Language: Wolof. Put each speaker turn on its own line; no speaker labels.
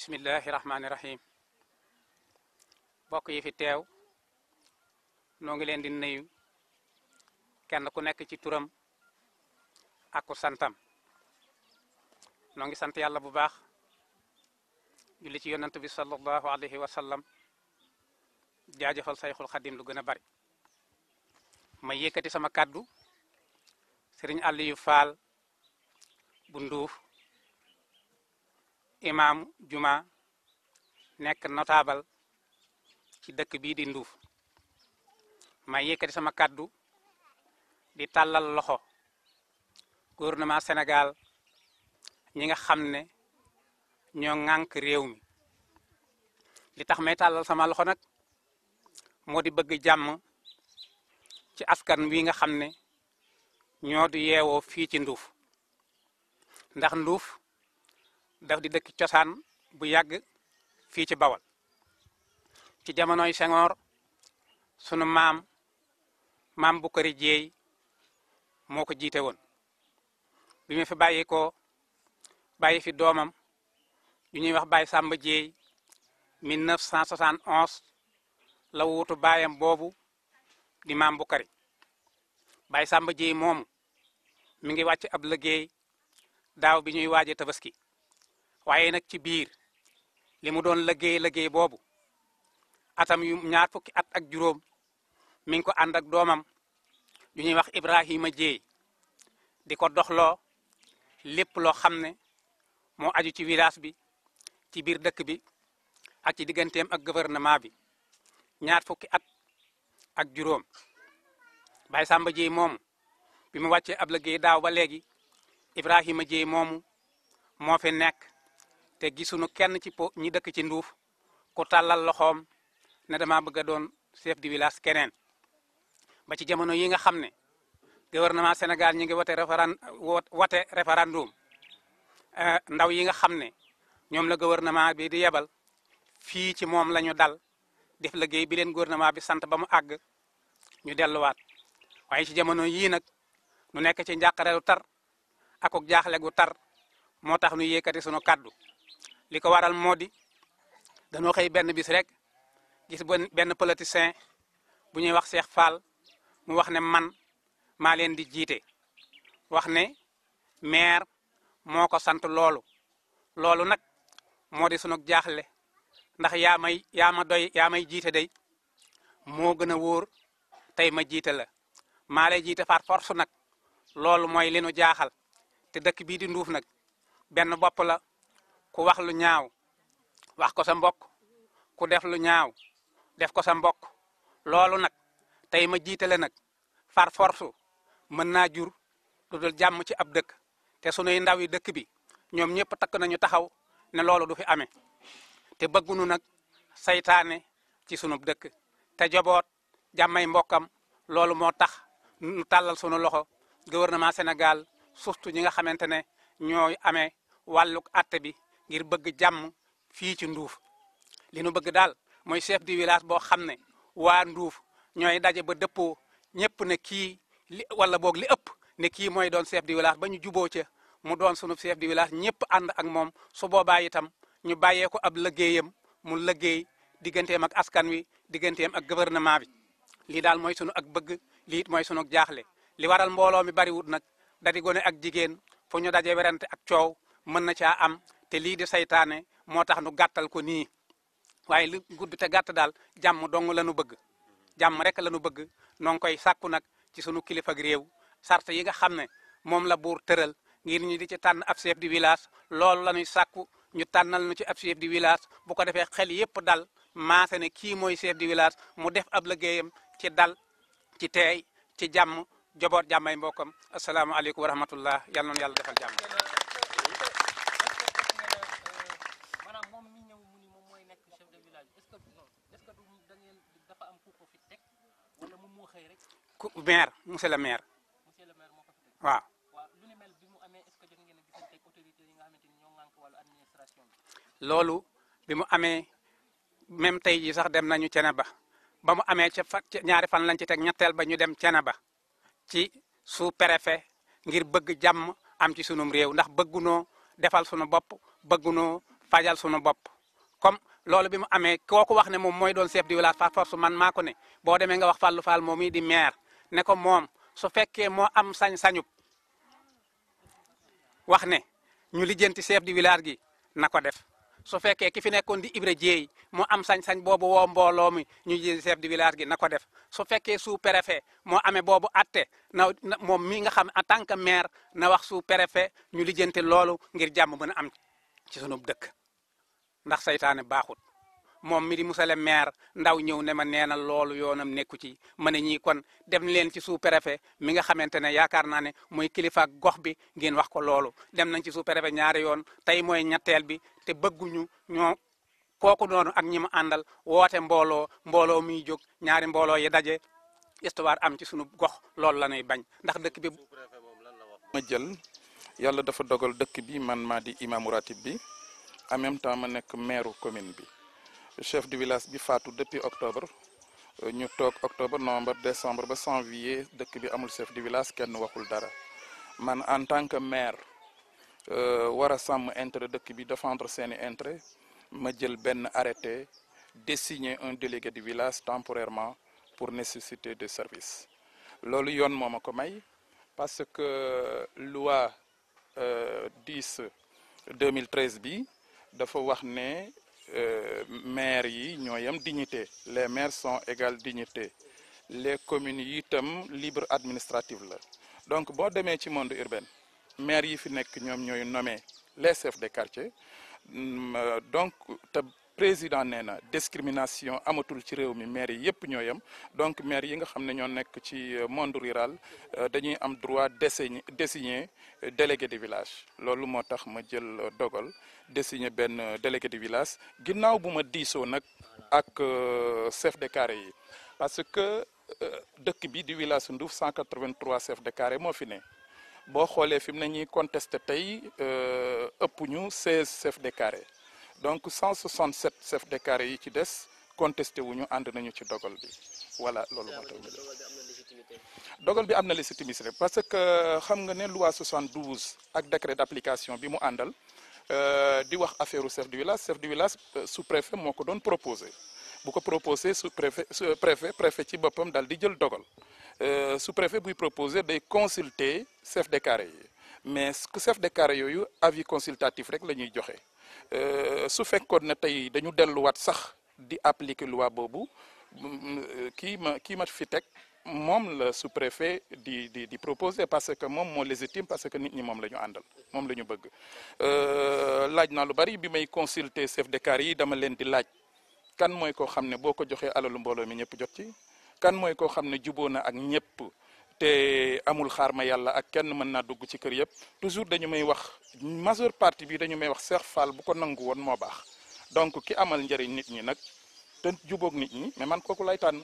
bismillahi rahmaani rahim bokk yi fi teew noo ngi leen di nuyu kenn ku nekk ci turam ak ku santam noo ngi sant yàlla bu baax julli ci yonent bi sallallahu alayhi wa sallam jaajëfal sayxul xadim lu gën a bari ma yëkkati sama kàddu sëriñ Aliou Fall bu nduuf imaamu jumaa nekk notable ci dëkk bii di Nduuf ma yëkkati sama kàddu di tàllal loxo gouvernement Sénégal ñi nga xam ne ñoo ŋànk réew mi di tax ma tàllal sama loxo nag moo di bëgg jàmm ci askan wi nga xam ne ñoo di yeewoo fii ci Nduuf ndax Nduuf daf di dëkk cosaan bu yàgg fii ci Bawol ci jamonoy Senghor sunu maam maam bu këri Jeey moo ko jiite woon bi mu fi bàyyi ko bàyyi fi doomam yu ñuy wax Baye Samba Jeey 1971 la wuutu baayam boobu di maam bu këri Baye sàmba Jeey moomu mu ngi wàcc ab liggéey daaw bi ñuy waaje tabaski waaye nag ci biir li mu doon liggéey liggéey boobu atam yu ñaar fukki at ak juróom mi ngi ko ànd ak doomam yu ñuy wax Ibrahima Jéey di ko doxloo lépp loo xam ne moo aju ci village bi ci biir dëkk bi ak ci digganteem ak gouvernement bi ñaar fukki at ak juróom Baye Samba Jéey moomu bi mu wàccee ab liggéey daaw ba léegi Ibrahima Jéey moomu moo fi nekk te gisuñu kenn ci po ñi dëkk ci nduuf ku tàllal loxoom na dama bëgg a doon chef di village keneen ba ci jamono yi nga xam ne gouvernement Sénégal ñi ngi wote référend wote référendum eh, ndaw yi nga xam ne ñoom la gouvernement bi di yebal fii ci moom lañu dal def liggéey bi leen gouvernement bi sant ba mu àgg ñu delluwaat waaye ci jamono yii nag nu nekk ci njàqare lu tar akuk jaaxle gu tar moo tax nu yékkati sunu kàddu li ko waral moo di danoo xëy benn bis rek gis benn politicien bu ñuy wax Cheikh Fall mu wax ne man maa leen di jiite wax ne maire moo ko sant loolu loolu nag moo di sunu jaaxle ndax yaa may yaa ma doy yaa may jiite day moo gën a wóor tey ma jiite la maa lay jiite far force nag loolu mooy leen jaaxal te dëkk bii di nduuf nag benn bopp la ku wax lu ñaaw wax ko sa mbokk ku def lu ñaaw def ko sa mbokk loolu nag tey ma jiitale nag far force mën naa jur lu dul jàmm ci ab dëkk te sunuy ndaw yi dëkk bi ñoom ñëpp takk nañu taxaw ne loolu du fi amee te bëggunu nag saytaane ci sunub dëkk te joboot jàmmay mbokkam loolu moo tax nu tàllal sunu loxo gouvernement Sénégal surtout ñi nga xamante ne ñooy amee wàlluk àtte bi ngir bëgg jàmm fii ci nduuf li nu bëgg daal mooy chef du village boo xam ne waa nduuf ñooy daje ba dëppoo ñëpp ne kii li wala boog li ëpp ne kii mooy doon chef di village ba ñu juboo ca mu doon sunu chef du village ñëpp ànd ak moom su boobaa itam ñu bàyyee ko ab liggéeyam mu liggéey digganteem ak askan wi digganteem ak gouvernement bi lii daal mooy sunu ak bëgg lii mooy sunu jaaxle li waral mbooloo mi bariwut nag dadi gone ak jigéen fu ñu daje werante ak coow mën te lii de saytaane moo tax nu gàttal ko nii waaye li gudd te gàtt daal jàmm dong la nu bëgg jàmm rek la nu bëgg noo ngi koy sàkku nag ci sunu kilifa ak réew sart yi nga xam ne moom la buur tëral ngir ñu di ci tànn ab chef de village loolu la ñuy sàkku ñu tànnal nu ci ab chef de village bu ko defee xel yépp dal maase ne kii mooy chef de village mu def ab liggéeyam ci dal ci teey ci jàmm joboot jàmmay mbokkam asalaamaaleykum wa rahmatullah yal noonu yàlla defal jàmm ku maire monsieur le maire waaw. loolu bi mu amee même tey jii sax dem nañu Ceneba ba mu amee ca fa ñaari fan lañ ci teg ñetteel ba ñu dem Ceneba ci sous préfet ngir bëgg jàmm am ci sunum réew ndax bëggunoo defal sunu bopp bëggunoo fajal sunu bopp comme loolu bi mu amee kooku wax ne moom mooy doon chef du village force man maa ko ne boo demee nga wax Fallou Fall moom mii di maire ne ko moom su fekkee moo am sañ-sañub wax ne ñu lijjanti chef de village gi na ko def su fekkee ki fi nekkoon di Ibra Jéey moo am sañ-sañ boobu woo mbooloo mi ñu lijjanti chef de village gi na ko def su fekkee sous-préfet moo amee boobu atte na moom mi nga xam en tant que maire na wax sous-préfet ñu lijjanti loolu ngir jàmm mën a am ci sunu dëkk ndax saytaane baaxut. moom mi di monsieur le maire ndaw ñëw ne ma nee na loolu am nekku ci ma ne ñii kon dem leen ci sous mi nga xamante ne yaakaar naa ne mooy kilifa gox bi ngeen wax ko loolu dem nañ ci sous ñaari yoon tey mooy ñetteel bi te bëgguñu ñoo kooku doon ak ñi ma àndal woote mbooloo mbooloo muy jóg ñaari mbooloo yi daje histoire am ci sunu gox loolu la nuy bañ ndax dëkk bi.
ma jël yàlla dafa dogal dëkk bi man maa di imaamu ratib bi en même temps ma nekk maire commune bi. chef de village bi faatu depuis octobre euh, ñu toog octobre novembre décembre ba janvier dëkk bi amul chef du village kenn waxul dara man en tant que maire euh, war a sàmm intérêt dëkk bi défendre seeni intérêt ma jël benn arrêté désigner un délégué du village temporairement pour nécessité de service loolu yoon moom ma may parce que euh, loi 10 2013 bi dafa wax ne Euh, maires yi ñoo yam dignité les maires sont égale dignité les communes yi itam libre administrative la donc boo demee ci monde urbain maires yi fi nekk ñoom ñooy nommé les chefs de quartier mm, euh, donc te président nee na discrimination amatul ci réew mi maire yi yëpp ñoo yem donc maire yi nga xam ne ñoo nekk ci euh, monde rural euh, dañuy am droit désigner désigner euh, délégué de village loolu moo tax ma jël dogal désigner benn délégué de village ginnaaw bu ma diisoo nag ak chef de carré yi parce que dëkk bi di village Ndouf 183 chef de carré moo fi ne boo xoolee fi mu ne ñuy contesté tey ëpp ñu 16 chef de carré donc cent 167 chefs de carré yi ci des contesté wu ñu ànd nañu ci dogal bi voilà loolu moo tax dogal bi am na légitimité parce que euh, xam nga ne loi 72 ak décret d'application bi mu àndal euh, di wax affaire chef du village chef du village euh, sous-préfet moo ko doon proposé bu ko proposé sous-préfet préfet préfet ci boppam daal di jël dogal sous-préfet buy proposé day consulter chef de carré yi mais chef de carré yooyu avis consultatif rek la ñuy joxe. Euh, su fekkoon ne tey dañu delluwaat sax di appliquer loi boobu mm, mm, euh, kii ma kii fi teg moom la sous-préfet di di di proposer parce que moom moo légitime parce que nit ñi moom la ñu àndal moom la ñu bëgg euh, laaj na lu bari bi may consulter chef de carré yi dama leen di laaj kan mooy koo xam ne boo ko joxee alalu mbooloo mi ñëpp jot ci kan mooy koo xam ne juboo na ak ñëpp. te amul xaar ma yàlla ak kenn mën naa dugg ci kër yëpp toujours dañu may wax maseur partie bi dañu may wax Cheikh Fall bu ko nangu woon moo baax donc ki amal njariñ nit ñi nag te jubóog nit ñi mais man kooku lay tànn